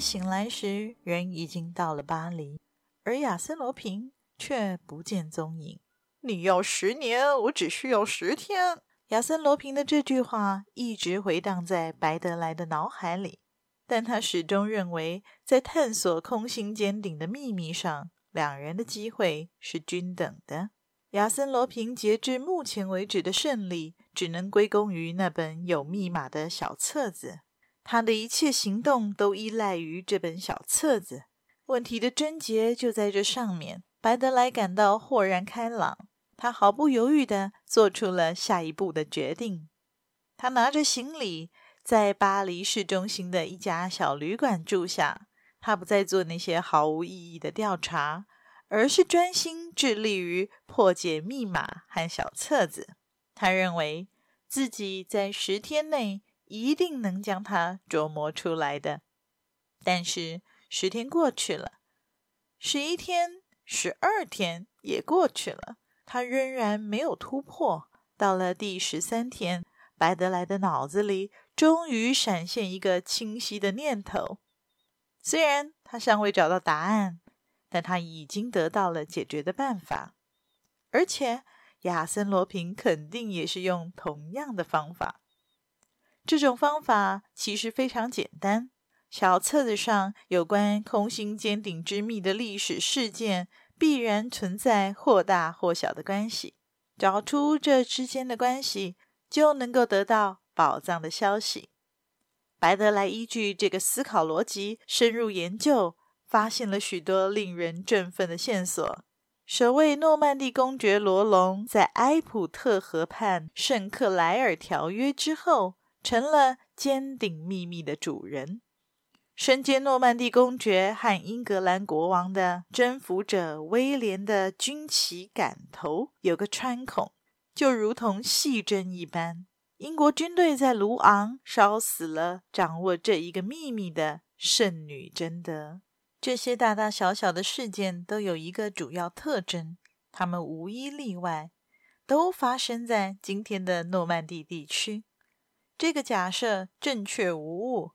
醒來時，人已經到了巴黎，而亞森·羅平卻不見蹤影。你要十年，我只需要十天。亞森·羅平的這句話一直回盪在白德萊的腦海裡，但他始終認為，在探索空心尖頂的秘密上，兩人的機會是均等的。亞森·羅平截至目前為止的勝利，只能歸功於那本有密碼的小冊子。他的一切行動都依賴於這本小冊子。問題的症結就在這上面。白德萊感到豁然開朗，他毫不猶豫地做出了下一步的決定。他拿着行李，在巴黎市中心的一家小旅館住下。他不再做那些毫無意義的調查，而是專心致力於破解密碼和小冊子。他認為自己在十天內。一定能將它琢磨出來的。但是十天過去了，十一天、十二天也過去了，他仍然沒有突破。到了第十三天，白德萊的腦子裡終於閃現一個清晰的念頭。雖然他尚未找到答案，但他已經得到了解決的辦法。而且亞森·羅平肯定也是用同樣的方法。這種方法其實非常簡單。小冊子上有關空心尖頂之謎的歷史事件，必然存在或大或小的關係。找出這之間的關係，就能夠得到寶藏的消息。白德萊依據這個思考邏輯深入研究，發現了許多令人振奮的線索。首位諾曼底公爵羅龍在埃普特河畔聖克萊爾條約之後，成了尖頂祕密的主人，身兼諾曼底公爵和英格蘭國王的征服者威廉的軍旗桿頭有個穿孔，就如同細針一般。英國軍隊在盧昂燒死了掌握這一個祕密的聖女貞德。這些大大小小的事件都有一個主要特徵，他們無一例外，都發生在今天的諾曼底地區。這個假設正確無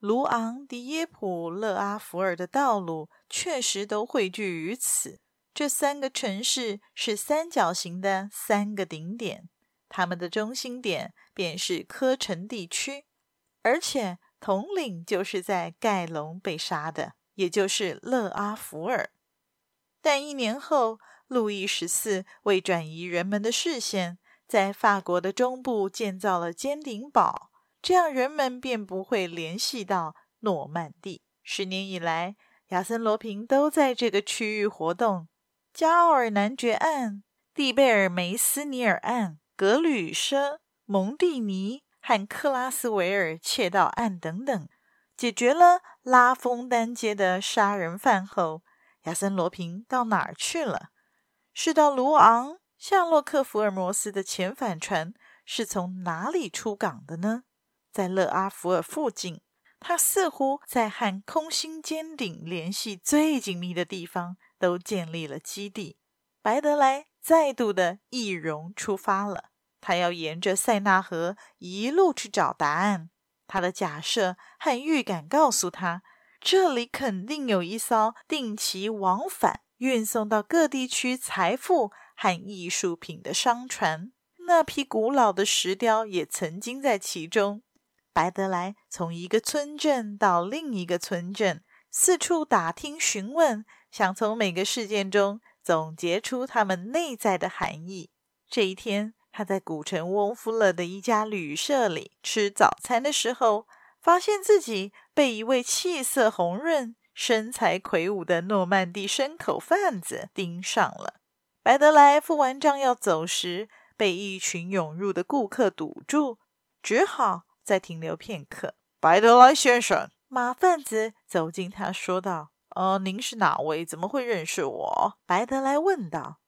誤。盧昂、迪耶普、勒阿弗爾的道路確實都匯聚於此。這三個城市是三角形的三個頂點，它們的中心點便是科城地區。而且，統領就是在蓋隆被殺的，也就是勒阿弗爾。但一年後，路易十四為轉移人們的視線，在法國的中部建造了尖頂堡，這樣人們便不會聯繫到諾曼第。十年以來，亞森·羅平都在這個區域活動。加奧爾男爵案、蒂貝爾梅斯尼爾案、格呂什、蒙蒂尼和克拉斯維爾竊盜案等等。解決了拉豐丹街的殺人犯後，亞森·羅平到哪兒去了？是到盧昂？夏洛克·福爾摩斯的遣返船，是從哪裡出港的呢？在勒阿弗爾附近，他似乎在和空心尖頂聯繫最緊密的地方都建立了基地。白德萊再度的易容出發了，他要沿着塞納河一路去找答案。他的假設和預感告訴他，這裡肯定有一艘定期往返、運送到各地區財富。和藝術品的商船，那批古老的石雕也曾經在其中。白德萊從一個村鎮到另一個村鎮，四處打聽詢問，想從每個事件中總結出他們內在的含義。這一天，他在古城翁夫勒的一家旅社裡吃早餐的時候，發現自己被一位氣色紅潤、身材魁梧的諾曼第牲口販子盯上了。白德萊付完賬要走時，被一群湧入的顧客堵住，只好再停留片刻。白德萊先生，馬販子走近他說道：“呃，您是哪位？怎麼會認識我？”白德萊問道：“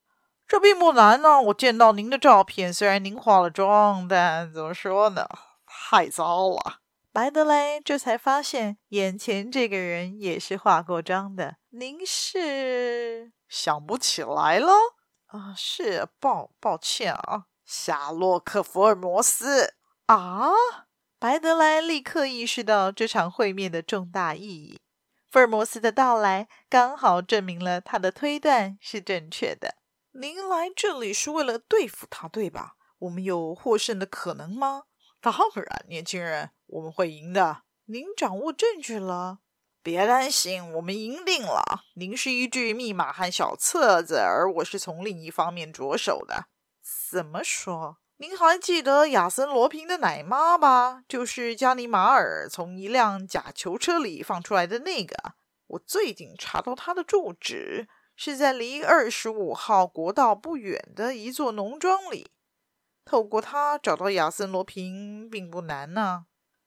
這並不難呢、啊，我見到您的照片，雖然您化了妝，但怎麼說呢，太糟了。”白德萊這才發現，眼前這個人也是化過妝的。您是想不起來了？哦、啊，是，抱抱歉啊，夏洛克·福爾摩斯啊，白德萊立刻意識到這場會面的重大意義。福爾摩斯的到來剛好證明了他的推斷是正確的。您來這裡是為了對付他，對吧？我們有獲勝的可能嗎？當然，年輕人，我們會贏的。您掌握證據了。別擔心，我們贏定了。您是依據密碼和小冊子，而我是從另一方面着手的。怎麼說？您還記得亞森·羅平的奶媽吧？就是加尼馬爾從一輛假囚車裡放出來的那個。我最近查到他的住址是在離二十五號國道不遠的一座農莊裡。透過他找到亞森·羅平並不難呢，啊，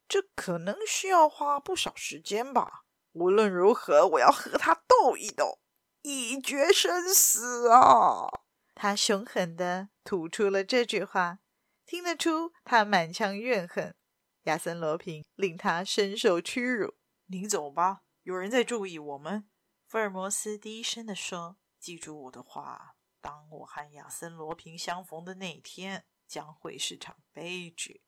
這可能需要花不少時間吧。無論如何，我要和他鬥一鬥，一決生死啊！他凶狠的吐出了這句話，聽得出他滿腔怨恨。亞森羅平令他深受屈辱。“您走吧，有人在注意我們。”福爾摩斯低聲的說，“記住我的話，當我和亞森羅平相逢的那天，將會是場悲劇。”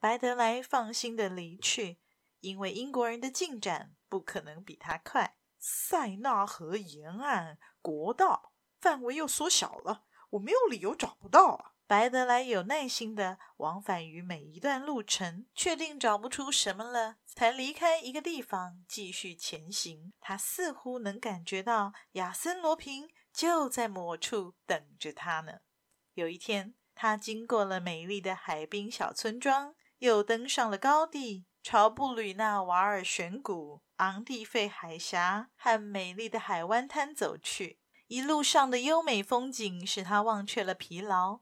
白德萊放心的離去。因為英國人的進展不可能比他快。塞納河沿岸國道範圍又縮小了，我沒有理由找不到啊。白德萊有耐心地往返於每一段路程，確定找不出什麼了，才離開一個地方繼續前行。他似乎能感覺到亞森羅平就在某處等着他呢。有一天，他經過了美麗的海濱小村莊，又登上了高地。朝布呂納瓦爾懸谷、昂蒂費海峽和美麗的海灣灘走去，一路上的優美風景使他忘卻了疲勞。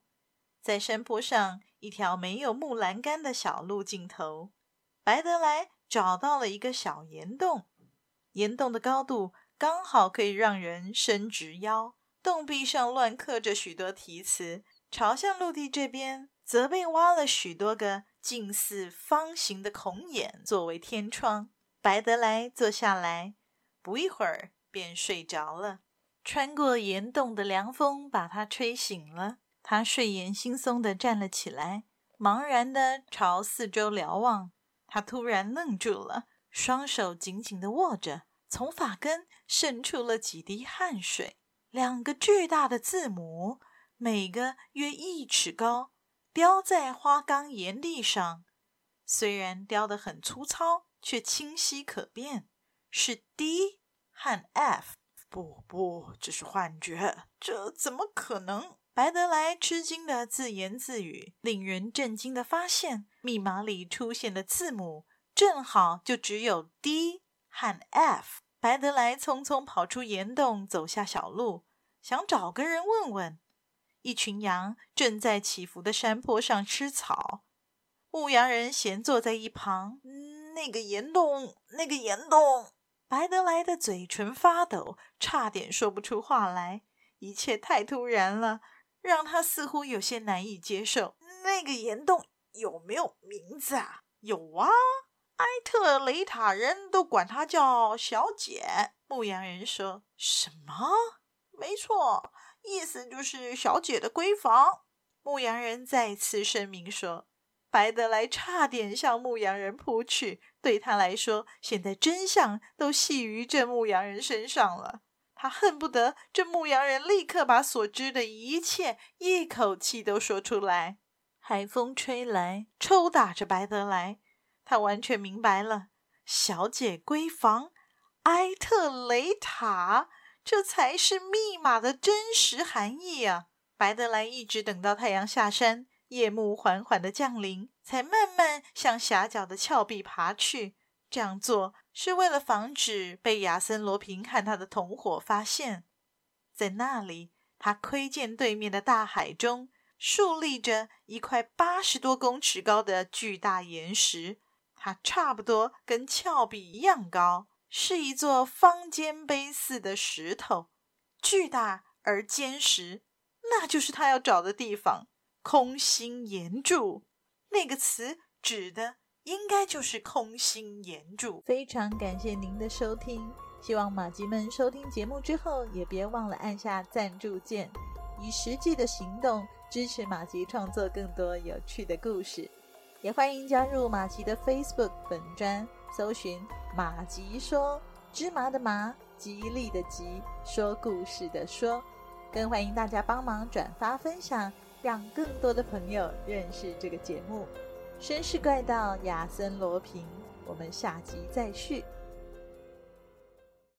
在山坡上，一條沒有木欄杆的小路盡頭，白德萊找到了一個小岩洞。岩洞的高度剛好可以讓人伸直腰，洞壁上亂刻着許多題詞。朝向陸地這邊，則被挖了許多個。近似方形的孔眼作為天窗。白德萊坐下來，不一會兒便睡着了。穿過岩洞的涼風把他吹醒了。他睡眼惺忪地站了起來，茫然地朝四周瞭望。他突然愣住了，雙手緊緊地握着，從髮根滲出了幾滴汗水。兩個巨大的字母，每個約一尺高。雕在花崗岩壁上，雖然雕得很粗糙，卻清晰可辨，是 D 和 F。不不，這是幻覺，這怎麼可能？白德萊吃驚地自言自語。令人震驚的發現，密碼裡出現的字母正好就只有 D 和 F。白德萊匆匆跑出岩洞，走下小路，想找個人問問。一群羊正在起伏的山坡上吃草，牧羊人閒坐在一旁。那個巖洞，那個巖洞，白德萊的嘴唇發抖，差點說不出話來。一切太突然了，讓他似乎有些難以接受。那個巖洞有沒有名字啊？有啊，埃特雷塔人都管它叫“小姐”。牧羊人說什麼？沒錯。意思就是小姐的閨房。牧羊人再次聲明說。白德萊差點向牧羊人撲去。對他來說，現在真相都繫於這牧羊人身上了。他恨不得這牧羊人立刻把所知的一切一口氣都說出來。海風吹來，抽打着白德萊。他完全明白了：小姐閨房，埃特雷塔。這才是密碼的真實含義啊！白德萊一直等到太陽下山，夜幕緩緩的降臨，才慢慢向狹角的峭壁爬去。這樣做是為了防止被亞森羅平和他的同夥發現。在那裡，他窺見對面的大海中豎立着一塊八十多公尺高的巨大岩石，它差不多跟峭壁一樣高。是一座方尖碑似的石頭，巨大而堅實。那就是他要找的地方——空心岩柱。那個詞指的應該就是空心岩柱。非常感謝您的收聽，希望馬吉們收聽節目之後也別忘了按下贊助鍵，以實際的行動支持馬吉創作更多有趣的故事。也歡迎加入馬吉的 Facebook 本專。搜尋“馬吉說，芝麻的麻，吉利的吉，說故事的說”，更歡迎大家幫忙轉發分享，讓更多的朋友認識這個節目。紳士怪盜亞森羅平，我們下集再續。